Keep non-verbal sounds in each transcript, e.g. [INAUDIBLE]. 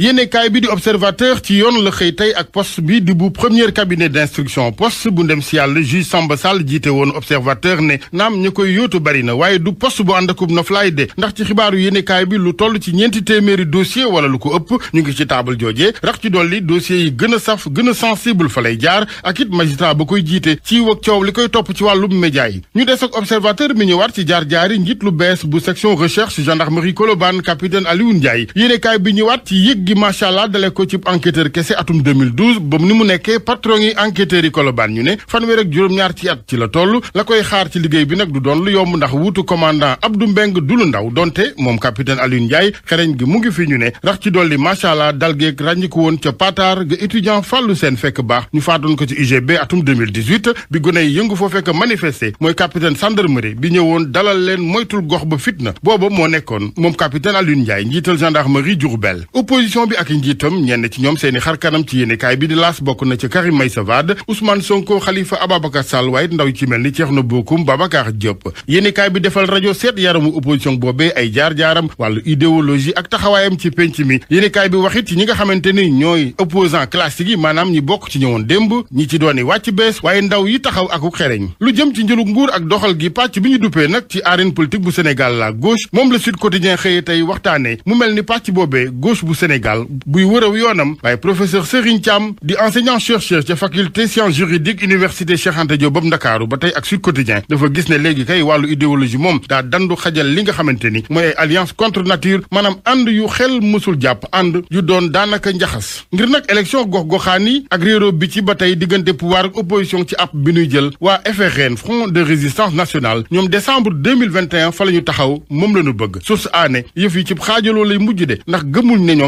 yéenekaay bi di observateur ci yoon la xëy tey ak poste bi di bu premier cabinet d'instruction poste bu ndem si yàlla juge Samba Sall jiite woon observateur ne naam ñu koy yóotu bari na waaye du post bu ànd akub noflaay de ndax ci xibaaru yéenekaay bi lu toll ci ñeenti téeméeri dossier wala lu ko ëpp ñu ngi ci taabal joojee rax ci dolli dossiers yi gën a saf gën a sensible fa lay jaar ak it magistrat ba koy jiite ci wag coow li koy topp ci wàllum média yi ñu des ak observateur mi ñëwaat ci jaar-jaari njiit bees bu section recherche gendarmerie Colobane capitaine Aliou Ndiaye yéenekaay bi ñëwaat ci yëg gi macha allah dale ko ci enquêteur kese atum 2012 ba ni mu nekkee patron yi enquêteurs yi Colobane ñu ne fanweer ak juróom-ñaar ci at ci la toll la koy xaar ci liggéey bi nag du doon lu yomb ndax wuutu commandant Abdou Mbeng du lu ndaw donte moom capitaine Alioune Ndiaye xereñ gi mu ngi fi ñu ne rax ci dolli macha allah dal geeg ràññiku woon ca Patar ga étudiant fàllu seen fekk baax ñu faatoon ko ci UGB atum 2018 bi gone yi yëngu foo fekk manifester mooy capitaine gendarmerie bi ñëwoon dalal leen moytul gox ba fitna booba moo nekkoon moom capitaine Alioune Ndiaye njiital gendarmerie Diourbel opposition bi ak njiitam ñenn ci ñoom seeni xar kanam ci yéenekaay bi di laas bokk na ci Karim Meïssa Wade Ousmane Sonko Khalifa Ababacar Sall waaye ndaw ci mel ni Thierno Bocoum Babacar bi defal rajo seet yaramu opposition boobee ay jaar-jaaram wàllu idéologie ak taxawaayam ci penc mi yéenekaay bi waxit ci ñi nga xamante ni ñooy opposant classique yi maanaam ñi bokk ci ñëwoon démb ñi ci dooni wàcc bees waaye ndaw yi taxaw aku xereñ lu jëm ci njëlug nguur ak doxal gi pàcc bi ñu duppee nag ci arène politique bu Sénégal la gauche moom la Sud Quotidien xëye tey waxtaane mu mel ni pàcc boobee gauche bu Sénégal Sénégal buy wërëw yoonam waaye professeur Serigne Thiam di enseignant chercheur ca faculté sciences juridiques université Cheikh Anta Diop Ndakaaru ba tey ak Sud Quotidien dafa gis ne léegi kay wàllu idéologie moom daa dandu xajal li nga xamante ni mooy ay alliance contre nature maanaam ànd yu xel mësul jàpp ànd yu doon daanaka njaxas ngir nag élection gox-goxaan yi ak réeróo bi ci ba tey diggante pouvoir ak opposition ci ab bi ñuy jël waa FRN Front de Résistance Nationale ñoom décembre 2021 fa la ñu taxaw moom la ñu bëgg source aané yëf yi ci xaajaloo de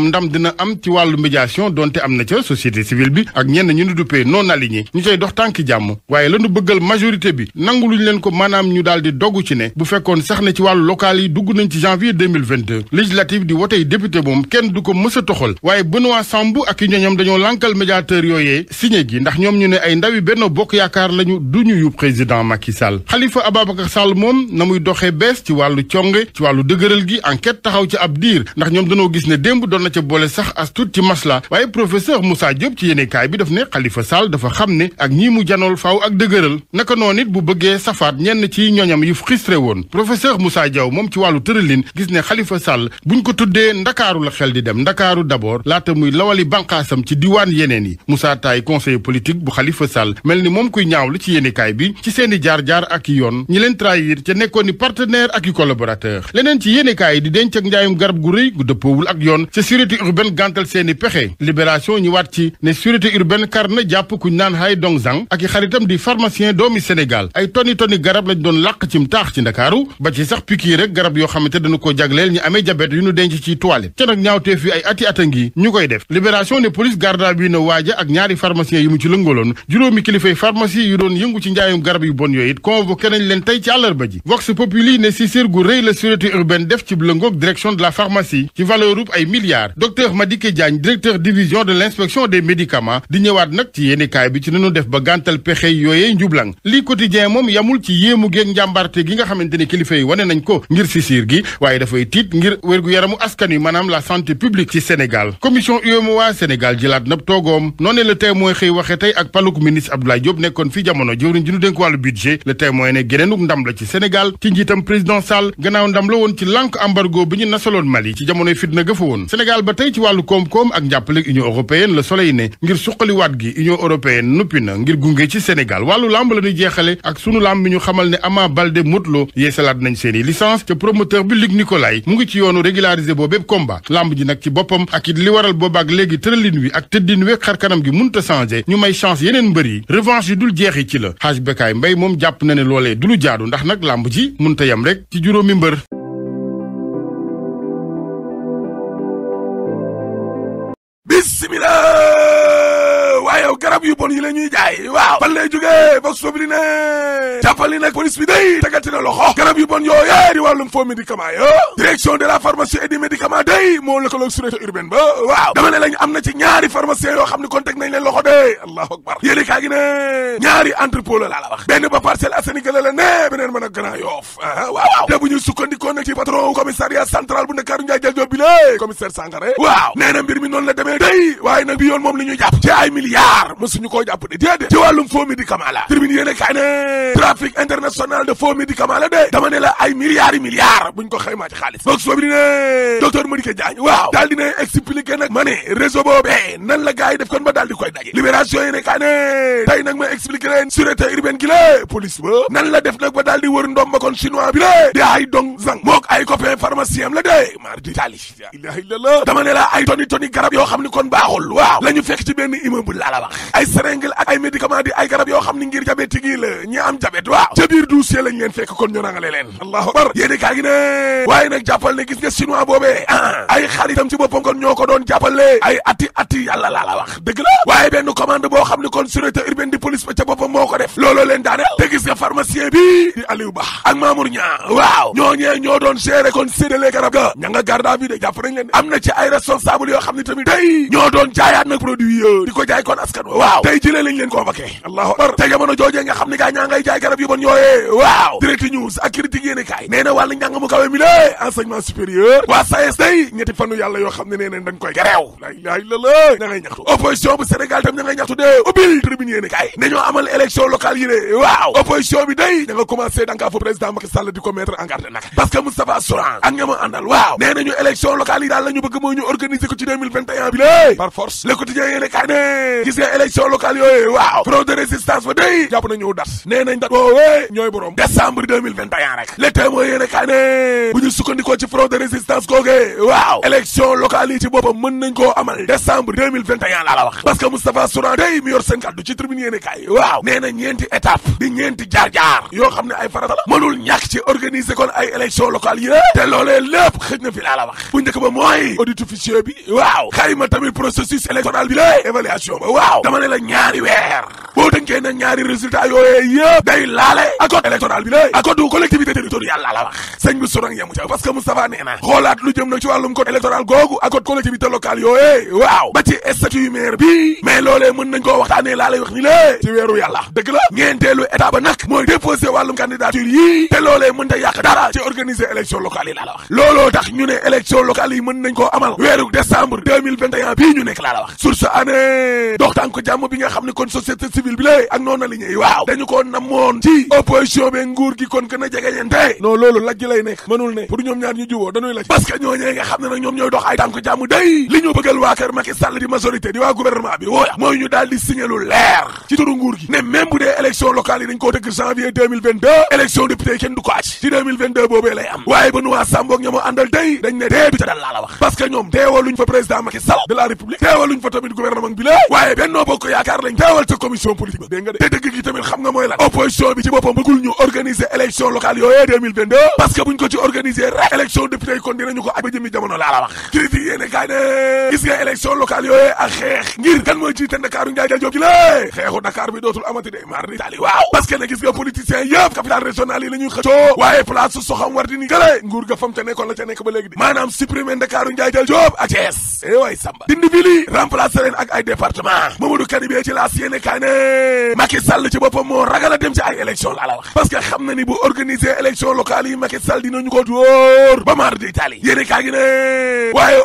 ndax tam dina am ci wàllu médiation donte am na ca société civile bi ak ñenn ñu nu duppee non aligné ñu cay dox tànk jàmm waaye lanu bëggal majorité bi nangu luñ leen ko maanaam ñu daal di dogu ci ne bu fekkoon sax ne ci wàllu local yi dugg nañ ci janvier 2022 législative di wotey député moom kenn du ko mës a toxal waaye Benoît Sambou ak i ñoñom dañoo lànkal médiateur yooyee signé gi ndax ñoom ñu ne ay ndawi Benno Bokk Yaakaar lañu duñu yu président Macky Sall Khalifa Ababacar Sall na muy doxee bees ci wàllu conge ci wàllu dëgëral gi enquête taxaw ci ab diir ndax ñoom dañoo gis boole sax as tuut ci masla waaye professeur Moussa Diop ci yéenekaay bi daf ne Khalifa Sall dafa xam ne ak ñii mu janool faaw ak dëgëral naka noonu it bu bëggee safaat ñenn ci ñoñam yu xiste woon professeur Moussa Diaw moom ci wàllu tëralin gis ne Khalifa Sall buñ ko tuddee ndakaaru la xel di dem ndakaaru d'abord laata muy lawali banqaasam ci diwaan yeneen yi Moussa Taye conseiller politique bu xalifa Sall mel ni moom kuy ñaawlu ci yéenekaay bi ci seeni jaar-jaar ak yoon ñi leen nekkoon ni partenaire ak i leneen ci yéenekaay yi di denc ak garab gu rëy urbaine gàntal seeni pexe libération ñu waat ci ne sûreté urbaine kar na jàpp kuñ naan hay dong zang ak i xaritam di pharmacien doomi Sénégal ay toni toni garab lañ doon làq cim taax ci ndakaaru ba ci sax pikiir rek garab yoo xamante dañu ko jagleel ñu amee jabet yu ñu denc ci toilette ca nag ñaawteef yi ay ati ata ngi ñu koy def libération ne police garda bi na waaja ak ñaari pharmacien yi mu ci lëngaloon juróomi kilifay pharmacie yu doon yëngu de la pharmacie ci valeur docteur Madické Diagne directeur division de l' inspection des médicaments di ñëwaat nag ci yéenekaay bi ci nanu def ba gàntal pexe yooyee njublang lii quotidien moom yamul ci yéemu géeg njàmbarte gi nga xamante ni kilifa yi wane nañ ko ngir si gi waaye dafay tiit ngir wér-gu-yaramu askan yi maanaam la santé publique ci Sénégal commission UEMOA Sénégal jilaat nab toogoom noonee le témoin xëy waxe tey ak paluk ministre Abdoulaye Diop nekkoon fi jamono jëwriñ ji ñu dénk wàllu budget le témoin ne geneenuk ndam la Sénégal ci njiitam président Sall gannaaw ndam la woon ci lànk embargo bi ñu nasaloon Mali ci jamonoy fitna gëfa woon Sénégal ba tey ci wàllu koom-koom ak njàppale union européenne la soleil ne ngir suqaliwaat gi union européenne nuppi na ngir gunge ci Sénégal wàllu làmb la ñuy jeexale ak sunu làmb ñu xamal ne Ama Baldé Modou Lô yeesalaat nañ seeni licence te promoteur bi Luc Nicolaï mu ngi ci yoonu régulariser boo bépp combat làmb ji nag ci boppam ak it li waral boobaak léegi tëralin wi ak tëddin weeg xar kanam gi munta changé ñu may chance yeneen mbër yi revanche yi dul jeex ci la xaaj bekaay mbay jàpp na ne loolee du lu jaadu ndax nag làmb ji munta yam rek ci juróomi mbër bismillah garab yu bon yi la ñuy jaay waaw fan lay jógee vox populi ne jàppal ni police bi day tegati na loxo garab yu bon yooyee di wàllum faux médicament yo direction de la pharmacie et des médicaments day moo lëkkaloog sûreté urbaine ba waaw dama ne am na ci ñaari pharmaciens yoo xam ne kon teg nañ leen loxo de allahu akbar yéeni kaa gi ne ñaari entrepôt la laa la wax benn ba Parcelles Assainies la la ne beneen mën a Grand Yoff ah, waaw waaw te bi yoon moom li ñu jàpp ci ay milliards mësuñu koo jàpp de déedéet ci wàllum faux médicament la tribune yéen a kaay ne international de faux médicament la de dama la ay milliards yi milliards buñ ko xaymaa ci xaalis boog soo bi ne docteur Madické Diagne waaw daal dina expliqué nag ma ne réseau boobee nan la gars yi def kon ba daal di koy daje libération yéen a kaay ne tey nag ma expliqué leen sûreté urbaine gi la police ba nan la def nag ba daal di wër ndomba kon chinois bi la ay dong zang mook ay copain pharmacien dama ne la ay garab yoo xam ne kon baaxul waaw la ñu ay seringue ak ay médicament di ay garab yoo xam ni ngir jabet gi la ñi am jabet waaw ca biir dossier lañ fekk kon ñu rangale leen allahu akbar yéene kaa gi waaye nag jàppal ne gis nga chinois boobee ah ay xaritam ci boppam kon ñoo ko doon jàppale ay ati ati yàlla laa la wax dëgg la waaye benn commande boo xam ni kon sûreté urbaine di police ba boppam moo ko def looloo leen daaneel te gis nga pharmacien bi di Aliou ak Mamour Niang waaw ñoo doon gérer na ci yoo xam ne tamit day waaw tey jëlee lañ leen convoqué allahu akbar te jamono joojee nga xam ne gaa ñaa ngay jaay garab yu bon yooyee waaw direct news ak critique yéene kaay nee na wàllu njàng mu kawe mi la enseignement supérieur waa SAES day ñetti fanu yàlla yoo xam ne nee nañ dañ koy gereew la ilaha illallah ngay ñaxtu opposition bu Sénégal tam ña ngay ñaxtu dee ubbil tribune yéene kaay dañoo amal élection locale yi daal la ñu bëgg mooy ñu organiser ko ci 2021 bi la élection locale yooyee waaw front de résistance ba day jàpp nañu das nee nañ dat woowee oh, ñooy borom décembre 2021 rek le ci front de nañ koo amal décembre 2021 laa la wax parce que Moustapha day mi yor seen ci tribune yéene kaay waaw nee na ñeenti étape di ñeenti jaar-jaar yoo xam ne ay farata la mënul ñàkk ci organiser kon ay élection locale yi te loolee lépp xëj na fi laa la wax bu njëkk ba mooy audit officieux bi waaw xayma tamit processus électoral bi la évaluation ba waaw ne la ñaari weer boo tënkee na ñaari résultat yooyee yëpp day laale accord électoral bi la accord collectivité territoriale laa la wax sëñ bi sorang yemu ca parce que Moustapha nee na lu jëm nag ci wàllum code électoral googu accord collectivité locale yooyee waaw ba ci statut maire bi mais loolee mën nañ koo waxtaanee laa wax ni lée ci weeru yàlla dëgg la ñeenteelu état ba mooy déposé wàllum candidature yii te loolee mën ta yàq dara ci organiser jàmm bi nga xam ne kon société civile bi lée ak noonu la ñuy waaw dañu ko namoon ci opposition bi nguur gi kon gën a jegeñante non loolu lajj lay nekk mënul ne pour ñoom ñaar ñu juboo dañuy laj parce que ñooñee nga xam ne nag ñoom ñooy dox ay jàmm day li ñu bëggal waa kër Macky di majorité di waa gouvernement bi wooya mooy ñu daal di signé leer ci turu nguur gi ne même bu dee élection locale yi dañ koo dëkk janvier 2022 élection député kenn du bokk yaakaar lañ teewal ca commission politique ba dégg nga de te dëgg gi tamit xam nga mooy lan bi ci boppam bëggul ñu organiser élection locale yooyee 2022 parce que buñ ko ci organiser rek élection yi kon dinañu ko aj ba laa la wax critique yéene kaay ne gis nga élection locale yooyee xeex ngir kan mooy jiite Ndakaaru njaay jaajob ji xeexu Dakar bi dootul amati day maar di taali waaw parce ne gis ga fam ca nekkoon la Kadibé ci laas yéene kaay ne Macky Sall ci boppam moo ragal dem ci ay élection la la wax parce que xam na ni bu organiser élection locale yi Macky Sall dinañu ko dóor ba maar di taali yéene kaay gi ne waaye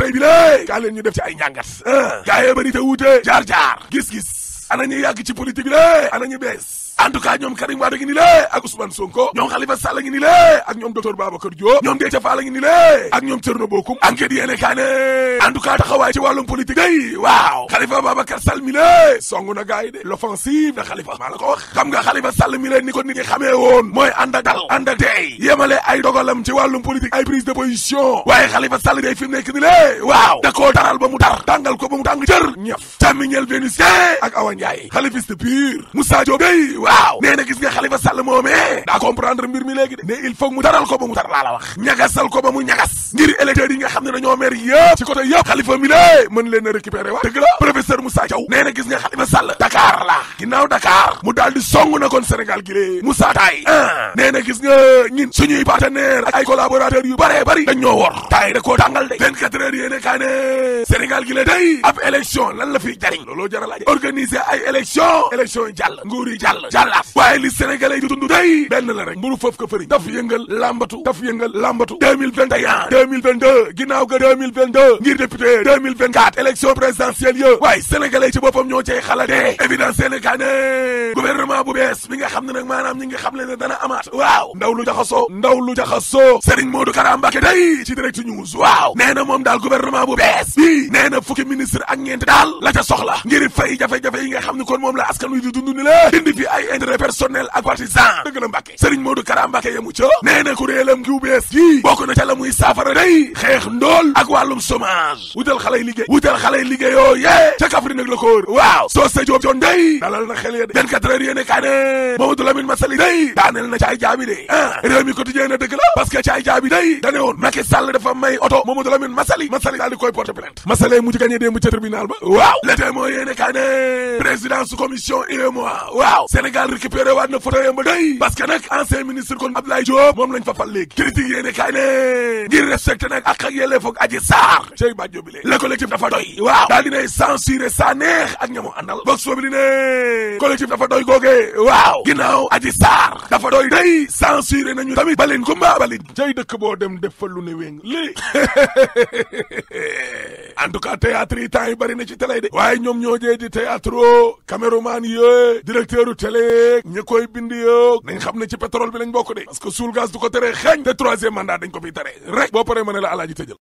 tey bi lay kaa leen ñu def ci ay njàngat ah, gaa yee bëri te wuute jaar-jaar gis-gis ana ñu yàgg ci politique la ana ñu bees en tout cas ñoom Karim Wade ngi ni lée ak Ousmane Sonko ñoom Khalifa Sall ngi ni lée ak ñoom docteur Babacar Diop ñoom Déthié Fall ngi ni lée ak ñoom Thierno Bocoum enquête yéene kaa ne en tout cas taxawaay ci wàllum politique waaw Khalifa Babacar Sall mi lée song na gars yi de l'offensive Khalifa maa la ko wax xam nga Khalifa Sall mi lée ni ko nit ñi woon mooy ànd dal ànd ak tey yéemale ay dogalam ci wàllum politique ay prise de position waaye Khalifa Sall day fi nekk ni lée waaw taral ba mu tar tàngal ko ba mu tàng jër ñëf Samuel Vénusien ak Awa Ndiaye xalifiste pur Moussa Diop day waaw nee na gis nga Khalifa Sall moomee daa comprendre mbir mi léegi de ne il faut mu taral ko ba mu tar laa wax ñagasal ko ba mu ñagas ngir électeurs yi nga xam ne dañoo mer yëpp ci côté yëpp Khalifa mi mën leen a récupérer wax dëgg la professeur Moussa nee na gis nga Khalifa Sall Dakar la gi lée Moussa Taye ah, partenaire ak ay collaborateur yu bare bari dañ ñoo wor taay da koo tàngal de 24 heures yéene Sénégal gi la day ab élection lan la fiy jariñ looloo jar a laaj organiser ay élection élection yi jàll nguur yi jàll jàllaat waaye li Sénégalais yi dund day benn la rek mburu foofu ko fëriñ daf yëngal lambatu daf yëngal lambatu 2021 2022 ginnaaw ga 2022 ngir député 2024 élection présidentielle yë waaye Sénégalais ci boppam ñoo lu jaxasoo Serigne Modou Kara Mbacké day ci direct news waaw nee na moom daal gouvernement bu bees bii nee na fukki ministre ak ñeent daal la ca soxla ngir fay jafe-jafe nga xam ne kon moom la askan wi di dund ni indi fi ay intérêt personnel ak partisan dëgg la Mbacké Serigne yamu ca nee na kuréelam gi bu bees gii bokk na ca la muy saafara day xeex ndool ak wàllum chômage wutal xale yi liggéey wutal xale yi liggéeyoo yee ca Kaffrine nag la ko waaw soo joob joon day dalal ne dëgg la parce que caay jaabi day dane woon Macky Sall dafa may oto Mamadou Lamine Massaly Massaly daal koy porter plainte Massaly mujj gagné démb ca tribunal waaw le témoin yéene kaa ne présidence commission UEMOA waaw Sénégal récupéré waat na photo yam ba day parce que ministre kon Abdoulaye Diop moom lañ fa fal léegi critique yéene kaa ne ngir respecté nag ak ak yellee aji saar cey bàjjo bi le collectif dafa doy waaw daal dinay aji saar dafa seen kumba abalin jay dëkk boo dem def fa lu ne wéng lii [LAUGHS] en tout cas théâtre yi temps yi bëri na ci télé de waaye ñoom ñoo jee di théâtre o caméraman yooyu directeur u télé ñi koy bind yoo nañ xam ne ci pétrole bi lañ bokk de parce que suul gaz du ko tere xeeñ te troisième mandat dañ ko fiy tere rek boo paree ma ne la alaaji tëjal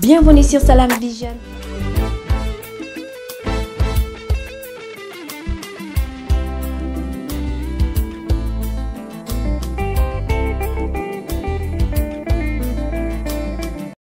Bienvenue sur